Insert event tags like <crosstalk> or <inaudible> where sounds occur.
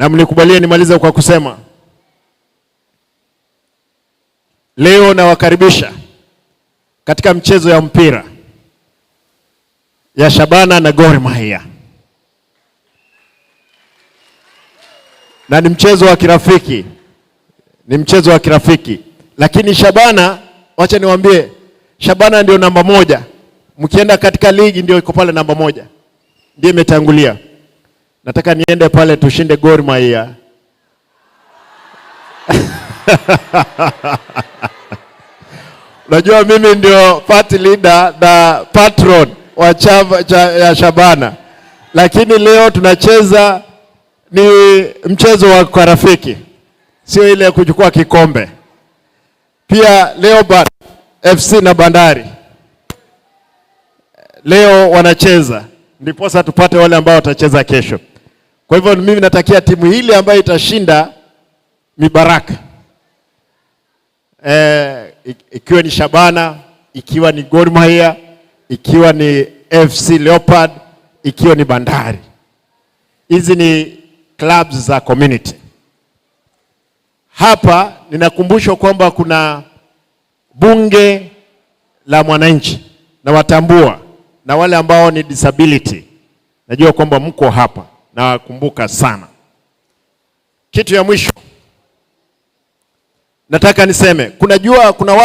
Na mnikubalie nimalize kwa kusema leo nawakaribisha katika mchezo ya mpira ya Shabana na Gor Mahia, na ni mchezo wa kirafiki, ni mchezo wa kirafiki. Lakini Shabana, wacha niwaambie, Shabana ndio namba moja. Mkienda katika ligi ndio iko pale namba moja, ndio imetangulia. Nataka niende pale tushinde Gor Mahia. <laughs> Unajua mimi ndio party leader na patron wa chama ya Shabana, lakini leo tunacheza ni mchezo wa karafiki, sio ile ya kuchukua kikombe. Pia ba, FC na Bandari leo wanacheza, ndiposa tupate wale ambao watacheza kesho. Kwa hivyo mimi natakia timu ile ambayo itashinda mibaraka e, eh, ikiwa ni Shabana, ikiwa ni Gor Mahia, ikiwa ni FC Leopard, ikiwa ni Bandari. Hizi ni clubs za community. Hapa ninakumbushwa kwamba kuna bunge la mwananchi na watambua na wale ambao ni disability. Najua kwamba mko hapa nawakumbuka sana. Kitu ya mwisho nataka niseme, kunajua kuna